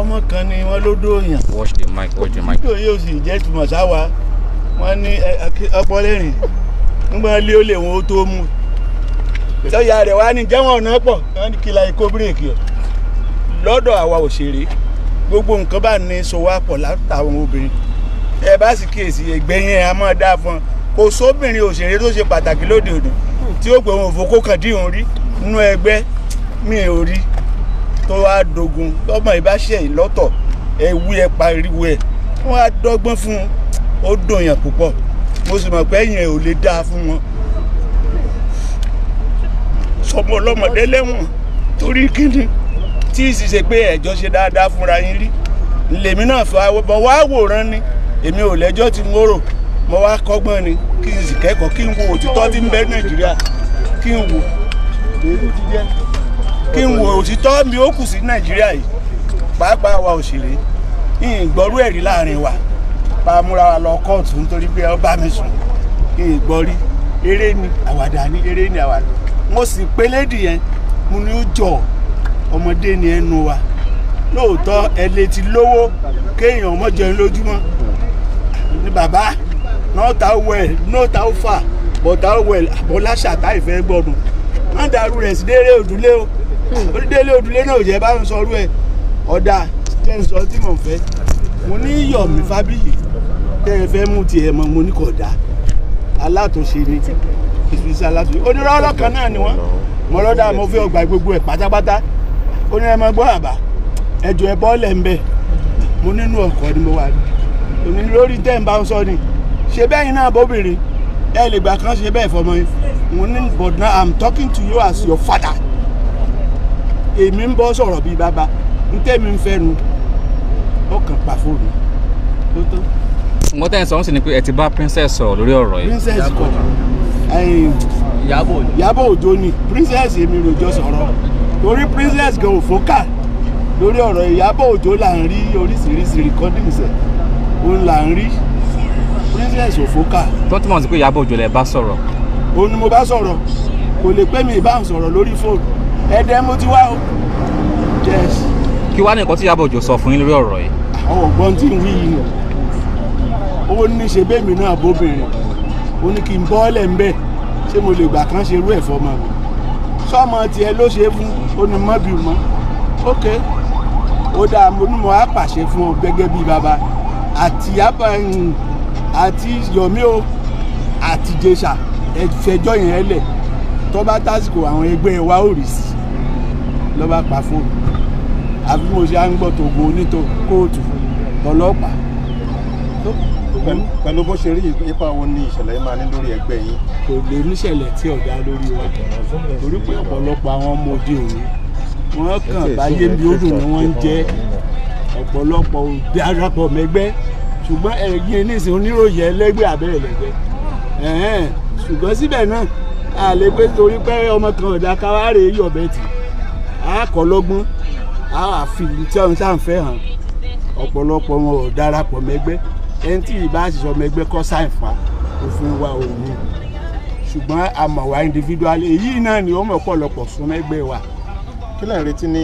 ọmọ kan ni wọ́n ló dóòyàn. watch the mic watch the mic. ìdílé yóò sì jẹ́ tùmọ̀ sáwa wọ́n ní ọpọlẹ́rìn nígbà lé ó lè wọn ó tó mú. sọ́yà rẹ̀ wá ní jẹ́wọ̀n ọ̀nà pọ̀ wọ́n ní kìlà ikó bírèkì ẹ̀ lọ́dọ̀ àwa òṣèré gbogbo nǹkan bá ní so wá pọ̀ látàwọn obìnrin ẹ bá sì kíyèsí ẹgbẹ́yìn ẹ̀ á mọ̀ dáa fún kò sóbìnrin òṣèré tó ṣe pàtàkì lóde òní tí ó pè wọn òfò kó kàn dín òun rí nínú ẹgbẹ́ mi ò rí tó wá dogun lọ́mọ ìbáṣẹ́ yìí lọ́tọ̀ ẹ pariwo ẹ wọ́n á dọ́gbọ́n fún un ó dùn yàn mo sì mọ̀ pé ẹ̀yìn ò lè dáa fún wọn sọmọ ọlọ́mọdé lẹ́wọ̀n torí kíni tí ìṣiṣẹ́ pé ẹ̀jọ́ ṣe dáadáa fúnra yín rí lèmi náà fà bọ̀ wá wòran ni èmi ò lẹ́jọ́ tí mo rò mo wá kọ́gbọ́n ni kí n sì kẹ́kọ̀ọ́ kí n wo òtítọ́ tí ń bẹ Nàìjíríà kí n wò kí n wo òtítọ́ mi ó kù sí nàìjíríà yìí pàápàá wa òṣèré ìgbọ́rú ẹ̀rí láàrin wa pa múra wa lọ kóòtù nítorí pé ó bá mi sùn ìgbọ́rí eré ni àwàdà ni eré ni àwàdà mo sì pé lédì yẹn mo ní ó jọ ọmọdé ni ẹnu wa lóòótọ́ ẹ lè ti lówó kéèyàn ọmọ jẹun lójúmọ́ ni bàbá náà ta wẹ̀ náà ta fà bọ̀tà wẹ̀ àbọ̀láṣà táì fẹ́ gbọ́dọ̀ má dàrú rẹ̀ sí déré òdúlé o olùdélé odùlé náà ò bá ń sọ ọrú ẹ̀ ọ̀dà tẹ́ ń sọ tí mò ń fẹ́ mo ní yọ̀mí fábíyì tẹ́ ẹ fẹ́ mú tiẹ̀ mọ́ mo ní kò dá alátòṣe ni ìfisí alátòṣe onírọ́rọ́ kan náà ni wọ́n mo lọ́dà mo fi ọgbà gbogbo ẹ̀ pátápátá onírẹ́mọ gbọ́ àbá ẹ̀jọ̀ ẹ̀ bọ́ọ̀lẹ̀ ń bẹ̀ mo nínú ọkọ̀ ni mo wà ní òní lórí tẹ́ ń bá ń sọ ni ṣe bẹ́yìn náà bóbìnrin ẹ lè gbà kan ṣe bẹ́ẹ̀ fọmọ yín mo ní but now I'm talking to you as your father èmi ń bọ́ sọ̀rọ̀ bíi bàbá ń tẹ́mi ń fẹ́nu ọkàn pa fóònù tó tó. mo tẹ́ ẹ sọ ń sì ni pé ẹ ti bá princess sọ̀rọ̀ lórí ọ̀rọ̀ yìí. princess kọ Ìyábọ̀ Òjó ni princess èmi rojọ́ sọ̀rọ̀ torí princess gan ò fọ́kà lórí ọ̀rọ̀ Ìyábọ̀ Òjó là ń rí oríṣiríṣi recordings ẹ̀ òun là ń rí princess ò fọ́kà. tó túmọ̀ sí pé Ìyábọ̀ Òjó lẹ bá sọ̀rọ̀. òun ni mo bá sọ̀rọ̀ kò lè pẹ́ mi ìbá ń sọ̀rọ̀ lórí fóònù ẹ̀dẹ̀ mo ti wá o. kí wàá ní nǹkan tí Ìyábọ̀ Òjó sọ fún yín lórí ọ̀rọ̀ yìí. àwọn ọ̀gbọ́n tí ń wí yìí nù owó ní ṣe bẹ́ẹ̀mì náà bóbìnrin ó ní kí n bọ́ ọ́lẹ̀ ńbẹ́ ṣé mo lè gbà kán ṣe irú ẹ̀fọ́ máa mi sọ́mọ tiẹ̀ ló ṣe fún ó ní mọ́ bí mọ́ ok ó dáa mo ní mo á pàṣẹ fún ọ gẹ́gẹ́ bí baba àti yaba àti yomi o àti jésà ẹ̀fẹ́jọ́ yẹn lẹ̀ tó bá tásìkò àwọn ẹgbẹ́ wa ò rí sí i ló bá pa fóònù àbí mo ṣe à ń gbọ́ tògo onítò kóòtù ọlọ́pàá. pẹ̀lú bó ṣe rí ipa wo ni ìṣẹ̀lẹ̀ yìí máa ní lórí ẹgbẹ́ yín. kò lè níṣẹ̀lẹ̀ tí ọ̀dà lórí wa torí pé ọ̀pọ̀lọpọ̀ àwọn ọmọ òde òní wọ́n kàn báyé bí ó dùn ni wọ́n ń jẹ́ ọ̀pọ̀lọpọ̀ darapọ̀ mẹ́gbẹ́ ṣùgbọ́n ẹ̀yin nísìn oníròyìn ẹlẹ́gbẹ́ abẹ́rẹ́ lẹ́gbẹ́ ṣùgbọ́n síbẹ̀ náà a lè pé torí pé ọmọ kan ọ̀dà káwá rèé yọ̀bẹ tì í a kọ́ a fi tí àwọn sáà ń fẹ́ hàn ọ̀pọ̀lọpọ̀ wọn ò darapọ̀ mẹ́gbẹ́ ẹni tí ì bá sì sọ mẹ́gbẹ́ kọ́ sáì fa òfin wa ò ní ṣùgbọ́n a mọ̀ individual èyí náà ni ó mọ̀ pọ̀lọpọ̀ fún mẹ́gbẹ́ wa. kí lẹ́ẹ̀ retí ní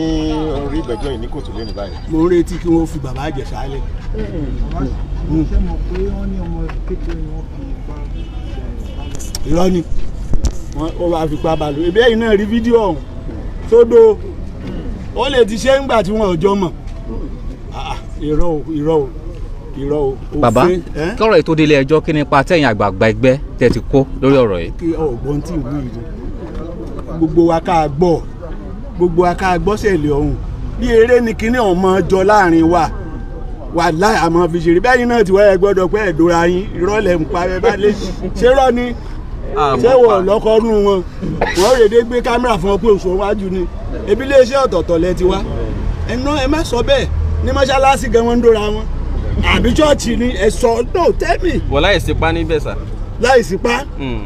orí ìgbẹ́jọ́ yìí ní kòtò lónìí báyìí. mo ń retí kí wọ́n fi bàbá àjẹsà lẹ̀. ṣé mo pé wọ́n ní fi ipá balùwẹ̀ bẹ́ẹ̀ náà rí fídíò ọ̀hún sódò. So ó lè ti ṣe ńgbà tí wọn ò jọ mọ̀ ah, ah, irọ́ o irọ́ o irọ́ o. bàbá kọ́rọ̀ ètò ìdílé ẹjọ́ kí nípa tẹ̀yìn àgbààgbà ẹgbẹ́ tẹ̀ ti kó lórí ọ̀rọ̀ yìí. kí ọ̀gbọ́n tí ìlú yìí gbogbo wa ká gbọ́ gbogbo wa ká gbọ́ sẹ̀lẹ̀ ọ̀hún bí eré ni kíní ọmọ jọ láàrin wa wà láì àmọ́ fi ṣeré bẹ́ẹ̀ ni náà ti wáyé gbọ́dọ̀ pé ẹ̀dọ́ra yín irọ́ ń pa ẹ bá lé ṣé rọ́ ni Ah, ṣé wọn lọkọ nù wọn wọn rèé dé gbé kámẹ́rà fún ọ pé oṣù wájú ni ebi iléeṣẹ́ ọ̀tọ̀ọ̀tọ̀ lẹ ti wá ẹnu ẹ má sọ bẹ́ẹ̀ ní mọ́ṣáláṣí gan wọn ń dóra wọn àbí ṣọ́ọ̀ṣì ni ẹ sọ no tell me. wọ láì sí pa níbẹ̀ sà. láì sí pa hmm.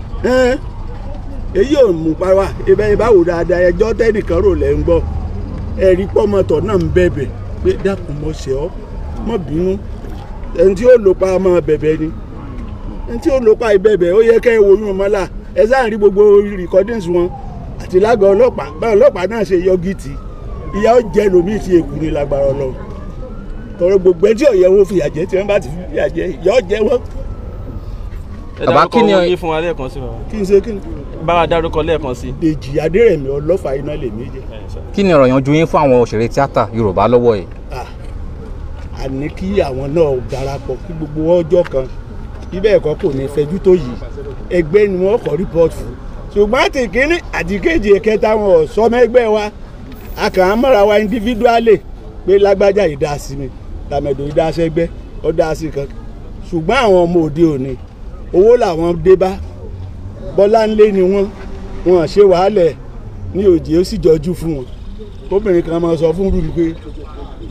èyí ò mú pa wá ibẹ̀ ìbáwò dáadáa ẹjọ́ tẹ́nìkan rò lẹ́ ń gbọ́ ẹ̀rí pọ́mọtọ̀ náà ń bẹ̀bẹ̀ pé dákun mọ̀ ṣe ọ́ mọ̀ bínú ẹni tí ó lò pa ọmọ bẹ̀bẹ̀ ni tí ó lò pa ìbẹ̀bẹ̀ ó yẹ kẹ́ ẹ woyún ọmọlá ẹ sáà rí gbogbo recordings wọn àti lágọ̀ọ́ ọlọ́pàá bá ọlọ́pàá náà ṣe yọgí tì ìyá ó jẹ́ lómii ti èkú ni lágbára ọlọ́run tọrọ gbogbo ẹtí ọ̀yẹ́ wọn fìyà jẹ tí wọ́n bá ti fìyà jẹ ìyá ó jẹ́ wọn. ẹ dárúkọ wọn yé fún wa lẹ́ẹ̀kan sí wa. kí n ṣe kí n. bá wa dárúkọ lẹ́ẹ̀kan sí. dèjì adérẹ̀mí ọlọ́fà iná lè mí jẹ. kí ni ọ̀rọ̀ yanjú yín fún àwọn òṣèré tíátà yorùbá lọ́wọ́ yìí. àní kí àwọn náà darapọ̀ kí gbogbo ọjọ́ kan bí bẹ́ẹ̀ kọ́ kò ní fẹjú tó yìí ẹgbẹ́ ni wọ́n kọ́ report fún ṣùgbọ́n àti kínní àti kejì kẹta wọn ò sọ mẹ́gbẹ́ wa a kàn án mọ́ra wa individually pé lágbájá ìdásí mi tàmẹ̀dò ìdásẹ́gbẹ́ ó dá sí kan ṣùgbọ́n àwọn ọmọ òde òní owó làwọn dé bá Bọ́láńlé ni wọ́n wọn ṣe wàhálẹ̀ ní òjì ó sì jọjú fún wọn obìnrin kan máa sọ fún rúbi pé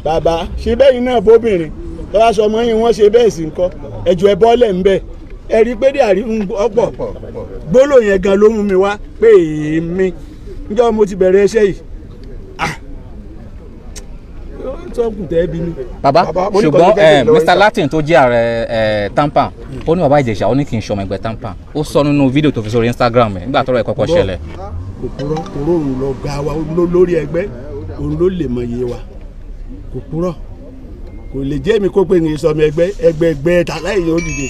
bàbá ṣe bẹ́yìn náà bóbìnrin tọ́wá sọ ọmọ yín wọ́n ṣe bẹ́ẹ̀ sì ń kọ́ ẹ̀jọ̀ ẹ̀ bọ́ọ̀lẹ̀ ń bẹ̀ ẹ rí pé dàrí ń ọ̀pọ̀ gbólò yẹn gan ló mú mi wá pé èmi níjọ́ mo ti bẹ̀rẹ̀ iṣẹ́ yìí ah! baba ṣùgbọ́n eh, Mr Latin tó jẹ́ ààrẹ eh, tampan ó ní baba Ìjẹ̀ṣà ó ní kì í ṣọmọ ẹgbẹ́ tampan ó sọ nínú fídíò tó fi sórí Instagram ẹ̀ nígbà tọ́rọ̀ ẹ̀ kọ́kọ́ ṣẹlẹ̀. kòkòrò òun lọ gba wa lórí ẹgbẹ́ òun ló lè mọ iye wa kòkòrò kò lè jẹ́ mi kó pé ní sọmọ ẹgbẹ́ ẹgbẹ́ ẹgbẹ́ ta láìyẹ ó dìde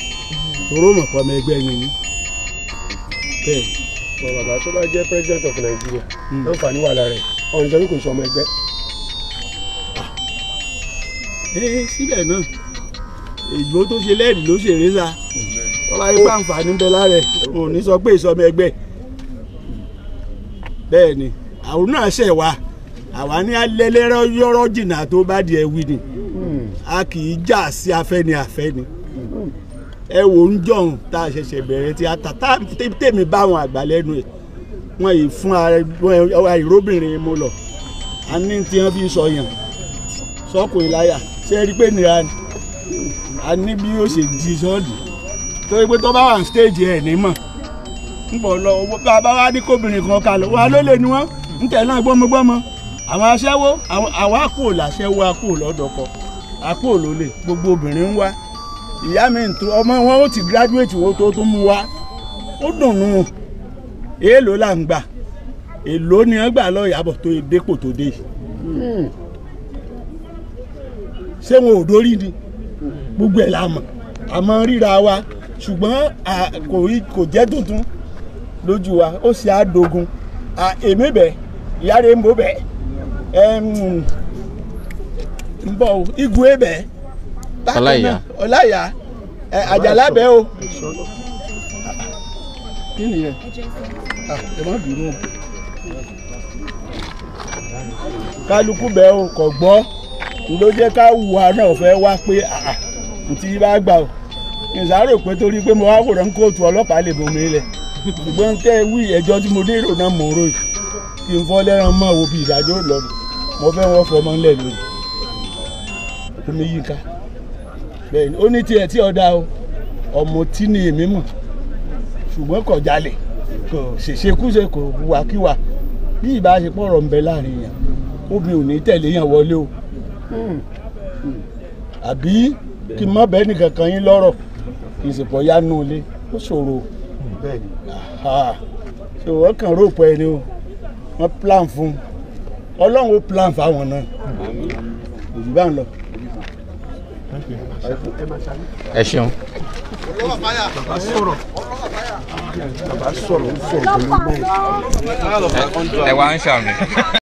mọ̀ pọ̀ mọ ẹgbẹ́ ni bẹ́ẹ̀ mọ bàbá tó bá jẹ́ president of Nigeria lọ́nfààní wà lára ẹ̀ ọ̀rìn sọ pé kò sọmọ ẹgbẹ́. Ah. ee eh, síbẹ̀ náà ìgbó tó ṣe lẹ́ẹ̀dì ló ṣèré sa wọ́n bá yẹ pé àǹfààní ń lára ẹ̀ kò ní sọ pé ìsọmọ ẹgbẹ́ bẹ́ẹ̀ ni àwọn náà ṣẹ̀ wá àwa ní alẹ́lẹ́rọ́ yọ́rọ́ jìnnà tó bá di ẹ̀ wí ni a kì í jà sí afẹ́ni afẹ́ni ẹ wò ń jọ̀hún tá a ṣẹ̀ṣẹ̀ bẹ̀rẹ̀ tíátà tá tèmi bá àwọn àgbà lẹ́nu ẹ̀ wọ́n yìí fún àìróbìnrin mo lọ a ní tí wọ́n fi sọ yàn sọ́kùnrin ṣe rí pé nira ni a ní bí yóò ṣe di sọ́ọ̀dù torí pé tó bá wà ní stéèjì ẹ̀ ní mọ̀ ń bọ̀ lọ bàbá wa ní kóbìnrin kan kà lọ wà ló lè ní wọ́n ń tẹ̀ náà gbọ́mọgbọ́mọ àwọn aṣẹ́wó àwọn àkó làṣẹ́wó àkó lọ́dọ̀ kan àpò òlòlè gbogbo obìnrin ń wá ìyá mi ń tó ọmọ wọn ó ti gíráduwétì wo tó tún mú wá ó dùnnú èèlò là ń gbà èèlò ni wọn gbà lọ Ìyábọ̀ tó dépò tó dé hmm. ṣé wọn ò dórí ni gbogbo ẹ̀ la mọ̀ àmọ́ ríra wa ṣùgbọ́n kò jẹ́ tuntun lójú wa ó ṣe àdógún èmi bẹ̀ ìyá ń bọ̀ bẹ̀ ń bọ̀ o igun ebẹ̀ ọláyà ọláyà àjàlá bẹ́ o. kí nìyẹn ah, ẹ má bínú kálukú bẹ́ẹ̀ o kò gbọ́ ló jẹ́ ká wù á náà fẹ́ wá pé ntí bá gbà o ìsàárò pé torí pé mo wá wòrán kóòtù ọlọ́pàá lè bomi lẹ̀ ṣùgbọ́n tẹ́ wí ẹjọ́ tí mo dérò náà mò ń ròyìn kí n fọ́ lẹ́ran mọ́ òbí ìdájọ́ lọ́nà mo fẹ́ wọ́n fọmọ́ ńlẹ̀ lónìí. Omiyinka bẹ́ẹ̀ ni ó ní tiẹ̀ tí ọ̀dà o ọmọ tí ni èmi mọ̀ ṣùgbọ́n kò jalè kò ṣèṣekúṣe kò wàkíwà bí ìbáṣepọ̀ ọ̀rọ̀ ń bẹ láàrin yàn obì ò ní tẹ̀lé yàn wọlé o hmm. àbí kí n má bẹ́ẹ̀ nìkan kan yín lọ́rọ̀ ìsìnpọ̀ yá nù ilé ó ṣòro ṣòwò kan rògbò ẹni o wọ́n plan fún un ọlọ́run ó plan fáwọn náà òjì bá ń lọ ẹ ṣeun. bàbá sọ̀rọ̀ bàbá ẹ wá ń ṣàmì.